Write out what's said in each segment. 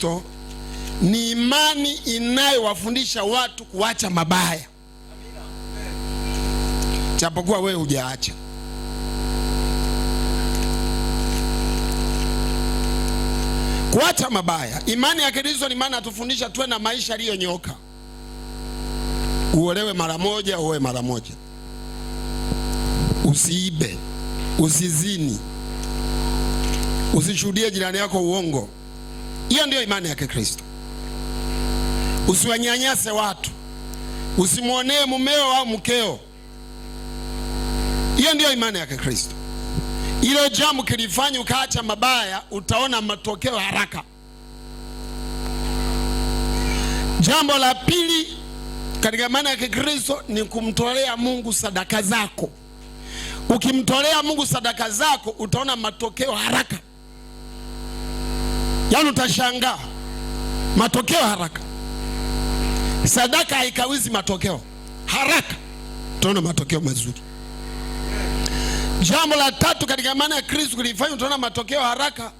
Kristo ni imani inayowafundisha watu kuacha mabaya, japokuwa wewe hujaacha. Kuacha mabaya, imani ya Kristo ni maana atufundisha tuwe na maisha yaliyonyoka. Uolewe mara moja, uoe mara moja, usiibe, usizini, usishuhudie jirani yako uongo. Hiyo ndio imani ya Kikristo. Usiwanyanyase watu, usimwonee mumeo au mkeo. Hiyo ndiyo imani ya Kikristo. Ilo jambo kilifanya ukaacha mabaya, utaona matokeo haraka. Jambo la pili katika imani ya Kikristo ni kumtolea Mungu sadaka zako. Ukimtolea Mungu sadaka zako utaona matokeo haraka. Yaani utashangaa matokeo haraka. Sadaka haikawizi matokeo haraka, utaona matokeo mazuri. Jambo la tatu katika maana ya Kristo kulifanya utaona matokeo haraka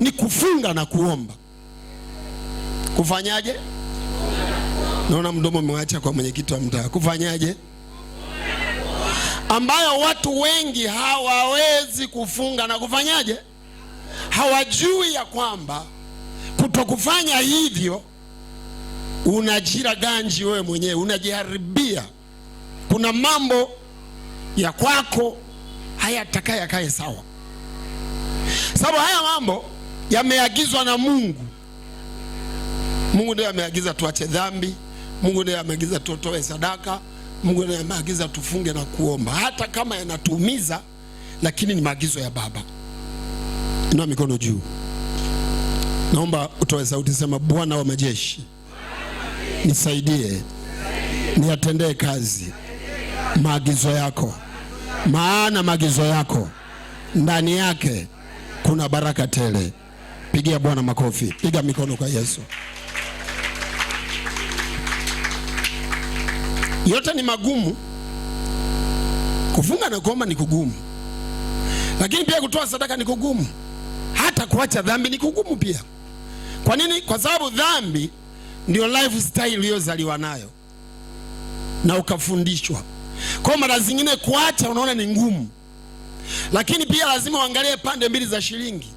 ni kufunga na kuomba. Kufanyaje? Naona mdomo umewacha kwa mwenyekiti wa mtaa. Kufanyaje? Ambayo watu wengi hawawezi kufunga na kufanyaje, hawajui ya kwamba kutokufanya hivyo unajira ganji wewe mwenyewe, unajiharibia. Kuna mambo ya kwako hayatakaye akae sawa, sababu haya mambo yameagizwa na Mungu. Mungu ndiye ameagiza tuache dhambi, Mungu ndiye ameagiza tutoe sadaka, Mungu ndiye ameagiza tufunge na kuomba, hata kama yanatuumiza, lakini ni maagizo ya Baba. Inua mikono juu. Naomba utoe sauti, sema Bwana wa majeshi nisaidie, niyatendee kazi maagizo yako, maana maagizo yako ndani yake kuna baraka tele. Pigia Bwana makofi, piga mikono kwa Yesu. Yote ni magumu, kufunga na kuomba ni kugumu, lakini pia kutoa sadaka ni kugumu, hata kuacha dhambi ni kugumu pia. Kwa nini? Kwa sababu dhambi ndio lifestyle uliyozaliwa nayo na ukafundishwa. Kwa hiyo mara zingine kuacha unaona ni ngumu, lakini pia lazima uangalie pande mbili za shilingi,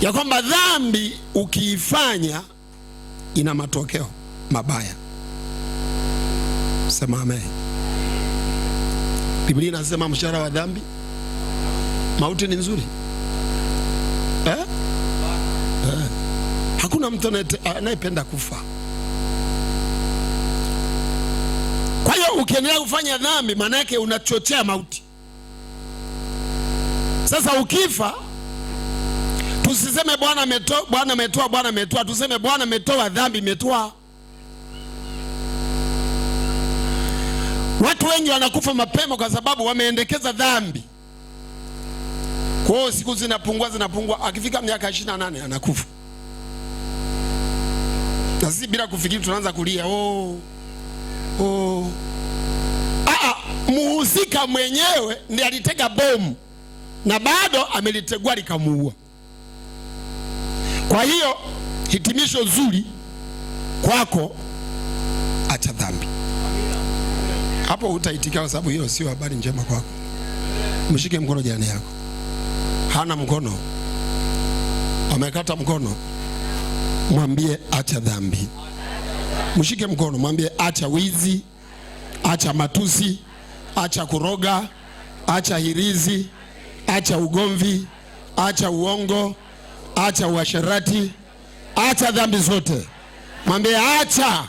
ya kwamba dhambi ukiifanya ina matokeo mabaya. Sema amen. Biblia inasema mshahara wa dhambi mauti. Ni nzuri Hakuna mtu anayependa kufa. Kwa hiyo ukiendelea kufanya dhambi, maana yake unachochea mauti. Sasa ukifa, tusiseme Bwana ametoa, Bwana ametoa, Bwana ametoa, tuseme Bwana ametoa, dhambi imetoa. Watu wengi wanakufa mapema kwa sababu wameendekeza dhambi. Kwa hiyo siku zinapungua zinapungua, akifika miaka 28 anakufa na sisi bila kufikiri tunaanza kulia oh, oh. Aa, ah, ah, muhusika mwenyewe ndi alitega bomu na bado amelitegua likamuua. Kwa hiyo hitimisho zuri kwako, acha dhambi hapo, hutaitikia kwa sababu hiyo sio habari njema kwako. Mshike mkono jirani yako, hana mkono, amekata mkono mwambie acha dhambi, mshike mkono, mwambie acha wizi, acha matusi, acha kuroga, acha hirizi, acha ugomvi, acha uongo, acha uasherati, acha dhambi zote. Mwambie acha,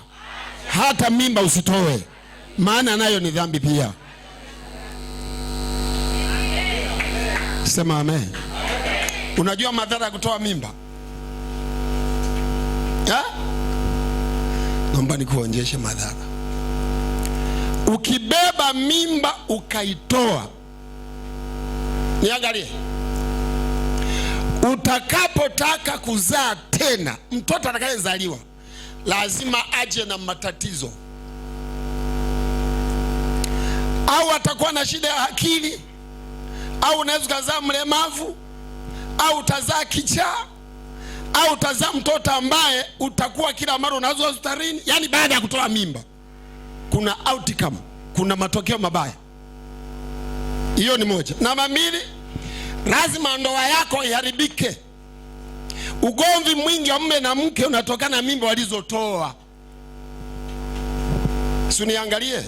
hata mimba usitoe, maana nayo ni dhambi pia. Sema amen. Unajua madhara ya kutoa mimba? Ha? Naomba nikuonyeshe madhara. Ukibeba mimba ukaitoa, niangalie, utakapotaka kuzaa tena, mtoto atakayezaliwa lazima aje na matatizo, au atakuwa na shida ya akili, au unaweza ukazaa mlemavu, au utazaa kichaa au utazaa mtoto ambaye utakuwa kila mara unazoa starini, Yani baada ya kutoa mimba kuna outcome, kuna matokeo mabaya. Hiyo ni moja. Namba mbili, lazima ndoa yako iharibike. Ugomvi mwingi wa mume na mke unatokana na mimba walizotoa. Suniangalie,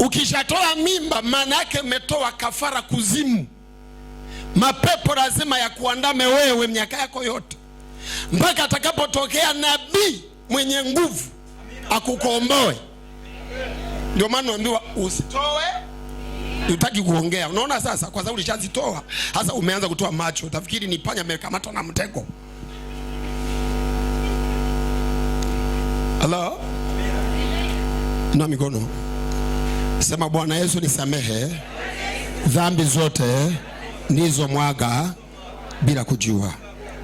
ukishatoa mimba maana yake umetoa kafara kuzimu. Mapepo lazima yakuandame wewe miaka yako yote, mpaka atakapotokea nabii mwenye nguvu akukomboe. Ndio maana naambiwa usitoe, utaki kuongea. Unaona sasa, kwa sababu ulishazitoa hasa, umeanza kutoa macho, utafikiri ni panya amekamatwa na mtego. Halo na mikono, sema Bwana Yesu nisamehe dhambi zote nizo mwaga bila kujua,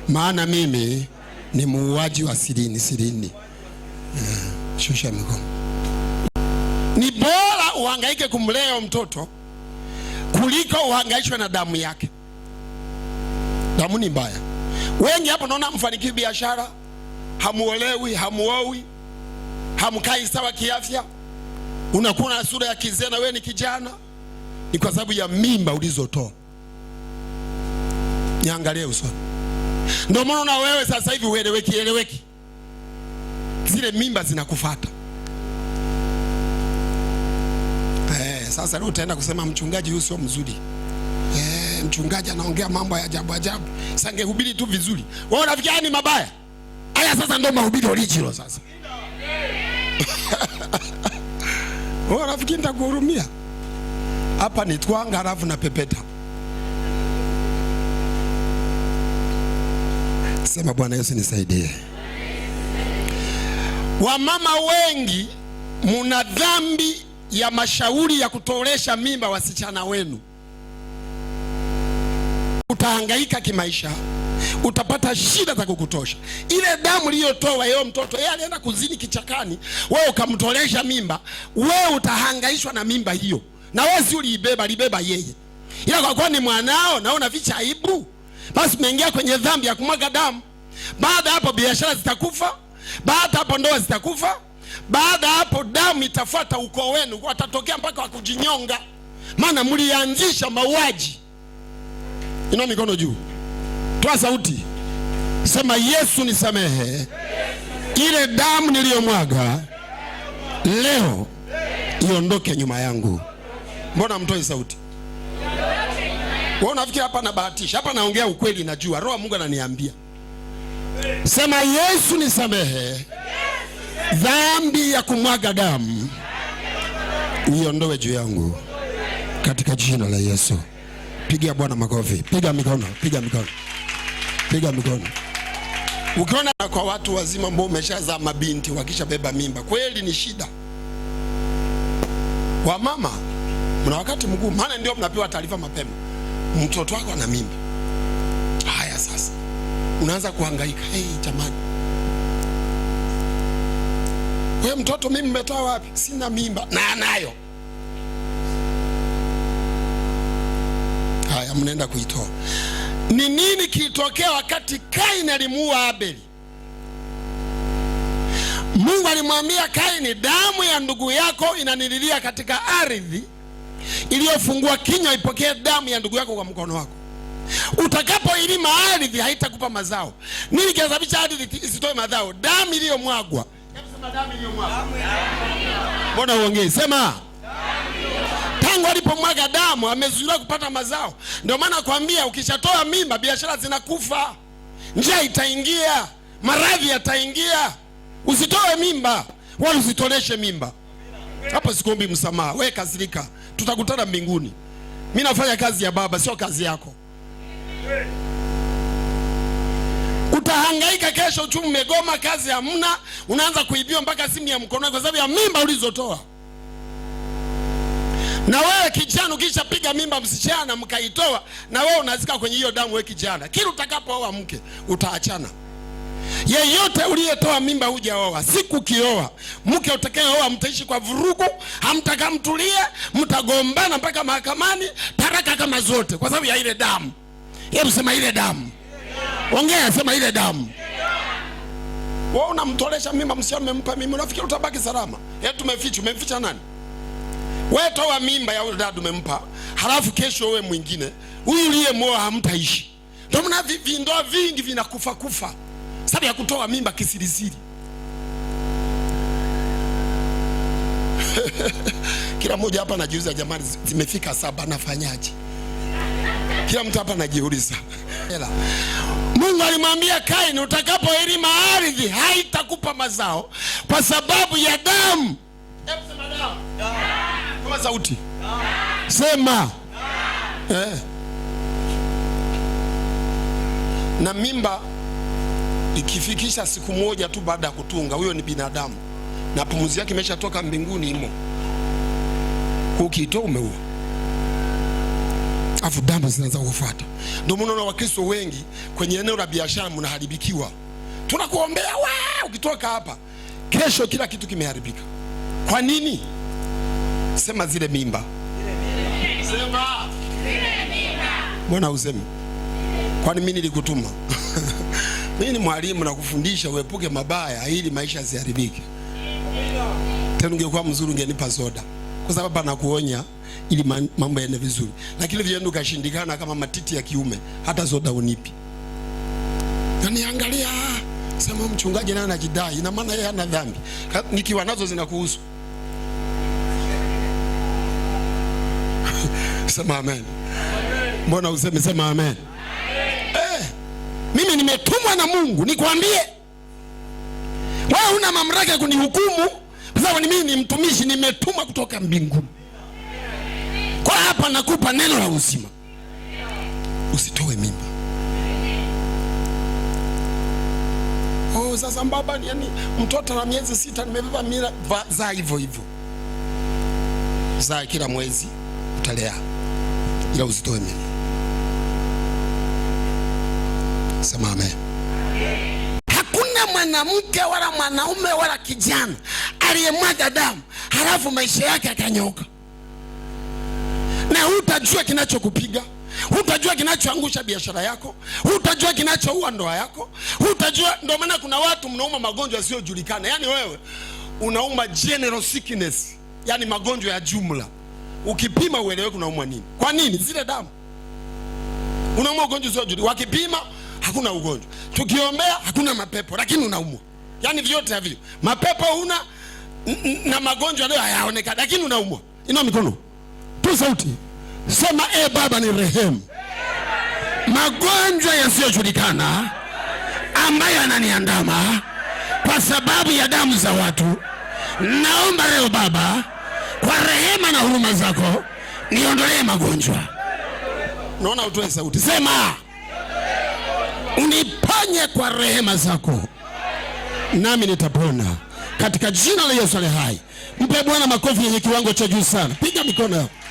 maana mimi ni muuaji wa sirini sirini. Uh, shusha mikono. Ni bora uhangaike kumlea mtoto kuliko uhangaishwe na damu yake. Damu ni mbaya. Wengi hapo naona mfanikiwi biashara, hamuolewi, hamuowi, hamkai sawa kiafya, unakuwa na sura ya kizee na wewe ni kijana, ni kwa sababu ya mimba ulizotoa niangalie uso. Ndio maana na wewe sasa hivi ueleweki eleweki, zile mimba zinakufuata. Eh, sasa leo utaenda kusema mchungaji huyu sio mzuri. Eh, mchungaji anaongea mambo ya ajabu ajabu, sangehubiri tu vizuri. Wewe unafikia ni mabaya haya. Sasa ndio mahubiri original sasa wewe rafiki, nitakuhurumia hapa ni twanga, alafu na pepeta Sema Bwana Yesu nisaidie. Wamama wengi muna dhambi ya mashauri ya kutolesha mimba wasichana wenu. Utahangaika kimaisha, utapata shida za kukutosha. Ile damu iliyotoa yeye mtoto, yeye alienda kuzini kichakani, wewe ukamtolesha mimba, wewe utahangaishwa na mimba hiyo, na wewe si uliibeba, libeba yeye, ila kwa kuwa ni mwanao na unaficha aibu basi umeingia kwenye dhambi ya kumwaga damu. Baada hapo biashara zitakufa, baada hapo ndoa zitakufa, baada hapo damu itafuata ukoo wenu, watatokea mpaka wakujinyonga, maana mlianzisha mauaji. Inua mikono juu, toa sauti, sema Yesu nisamehe, ile damu niliyomwaga leo iondoke nyuma yangu. Mbona mtoe sauti? Wewe unafikiri hapa na Hapa naongea ukweli, najua roho Mungu ananiambia. Sema Yesu nisamehe dhambi ya kumwaga damu, iondoe juu yangu katika jina la Yesu. Pigia Bwana makofi, piga mikono, piga mikono, piga mikono. Ukiona kwa watu wazima ambao umeshazaa mabinti wakishabeba mimba, kweli ni shida. Wamama mna wakati mgumu, maana ndio mnapewa taarifa mapema mtoto wako ana mimba. Haya sasa unaanza kuhangaika, hey, jamani, we mtoto mimi mmetoa wapi? Sina mimba na anayo. Haya, mnaenda kuitoa. Ni nini kilitokea wakati Kaini alimuua Abeli? Mungu alimwambia Kaini, damu ya ndugu yako inanililia katika ardhi iliyofungua kinywa ipokee damu ya ndugu yako kwa mkono wako. Utakapoilima ardhi haitakupa mazao. Nini kinasababisha ardhi isitoe mazao? Damu iliyomwagwa. Mbona uongee? Sema tangu alipomwaga damu amezuiliwa kupata mazao. Ndio maana nakwambia, ukishatoa mimba biashara zinakufa, njaa itaingia, maradhi yataingia. Usitoe mimba wala usitoleshe mimba. Hapo sikuombi msamaha, we kasirika tutakutana mbinguni. Mi nafanya kazi ya Baba, sio kazi yako. Utahangaika kesho, uchumi umegoma, kazi hamna, unaanza kuibiwa mpaka simu ya mkononi kwa sababu ya mimba ulizotoa. Na wewe kijana, ukishapiga mimba msichana mkaitoa, na wewe unazika kwenye hiyo damu. Wewe kijana, kila utakapooa mke utaachana. Yeyote uliyetoa mimba hujaoa, siku kioa mke utakayeoa mtaishi kwa vurugu, hamtaka mtulie, mtagombana mpaka mahakamani, taraka kama zote, kwa sababu ya ile damu. Hebu sema ile damu, ongea, sema ile damu. Wewe unamtolesha mimba, msio mmempa mimba, unafikiri utabaki salama? Eti eh, tumeficha, umemficha nani? Wewe toa mimba ya yule dada umempa, halafu kesho wewe mwingine, huyu uliyemwoa hamtaishi. Ndio maana vindoa vingi vinakufa kufa sababu ya kutoa mimba kisirisiri. Kila mmoja hapa anajiuliza, jamani, zimefika saba, nafanyaje? Kila mtu hapa anajiuliza. Mungu alimwambia Kaini, utakapoilima ardhi haitakupa mazao kwa sababu ya damu. Hebu sema damu. Kama sauti sema eh. Na mimba ikifikisha siku moja tu baada ya kutunga, huyo ni binadamu na pumzi yake imeshatoka mbinguni imo, ukiitoa umeua afu damu zinaanza kufuata. Ndio maana na Wakristo wengi kwenye eneo la biashara mnaharibikiwa. Tunakuombea we, ukitoka hapa kesho kila kitu kimeharibika. Kwa nini? Sema zile mimba, mbona usemi? Kwani mimi nilikutuma? mimi ni mwalimu na kufundisha uepuke mabaya ili maisha yasiharibike. Tena ungekuwa mzuri ungenipa soda, kwa sababu anakuonya ili mambo yaende vizuri, lakini vyenu kashindikana kama matiti ya kiume, hata soda unipi. Kaniangalia sema, mchungaji naye anajidai, ina maana yeye ana dhambi. Nikiwa nazo zinakuhusu. Sema amen. Mbona useme sema amen? Eh, mimi nimetu sana Mungu. Nikwambie wewe, una mamlaka ya kunihukumu kwa sababu mimi ni mtumishi, nimetuma kutoka mbinguni. Kwa hapa nakupa neno la uzima, usitoe mimba. Oh, sasa baba, yani mtoto wa miezi sita nimebeba mila za hivyo hivyo za kila mwezi utalea, ila usitoe mimba. Sema amen mwanamke wala mwanaume wala kijana aliyemwaga damu halafu maisha yake akanyoka, na hutajua kinachokupiga, hutajua kinachoangusha biashara yako, hutajua kinachoua ndoa yako, hutajua. Ndio maana kuna watu mnauma magonjwa yasiyojulikana, yaani wewe unauma general sickness, yaani magonjwa ya jumla, ukipima uelewe unaumwa nini. Kwa nini? Zile damu unauma ugonjwa usiojulikana, wakipima hakuna ugonjwa, tukiombea hakuna mapepo, lakini unaumwa. yaani vyote havio, mapepo huna na magonjwa leo hayaonekani, lakini unaumwa. Inua mikono tu, sauti sema, e Baba ni rehemu. Magonjwa yasiyojulikana ambayo yananiandama kwa sababu ya damu za watu, naomba leo Baba, kwa rehema na huruma zako niondolee magonjwa. Naona utoe sauti, sema uniponye kwa rehema zako, nami nitapona katika jina la Yesu aliye hai. Mpe Bwana makofi yenye kiwango cha juu sana, piga mikono yako.